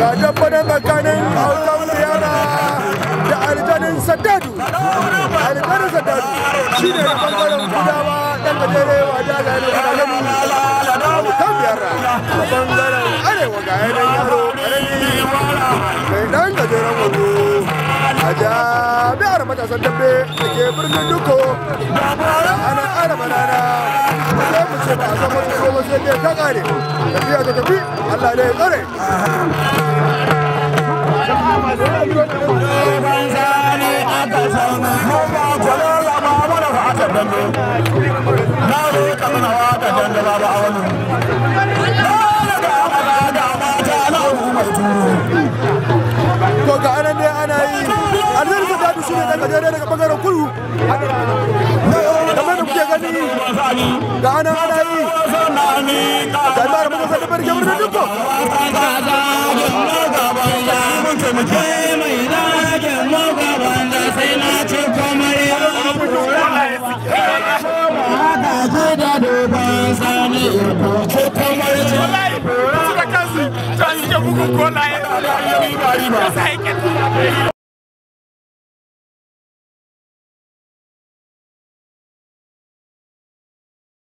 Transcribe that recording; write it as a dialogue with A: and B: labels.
A: Rajab tsakanin hautan yara da aljanin sadadu aljanin sadadu shi ne bangaren gudawa dan gajere wa daga ne
B: da hautan yara a bangaren arewa ga yanayin yaro ƙarami mai dan gajeren wato a jami'ar matasan dambe da ke birnin duko ana ana banana sai mu ce ba a san wasu so wasu
C: yake ta ƙare tafiya ta tafi Allah ne ya tsare
A: to ga anan
D: dai ana yi alheri da dadu shi ne daga dare daga bangaren kudu kamar da kuke gani ga anan ana yi
E: ga imar mun sai barke mun da dukko ku da dogon sani ko
A: ko kamar wallahi su da kansu ta ba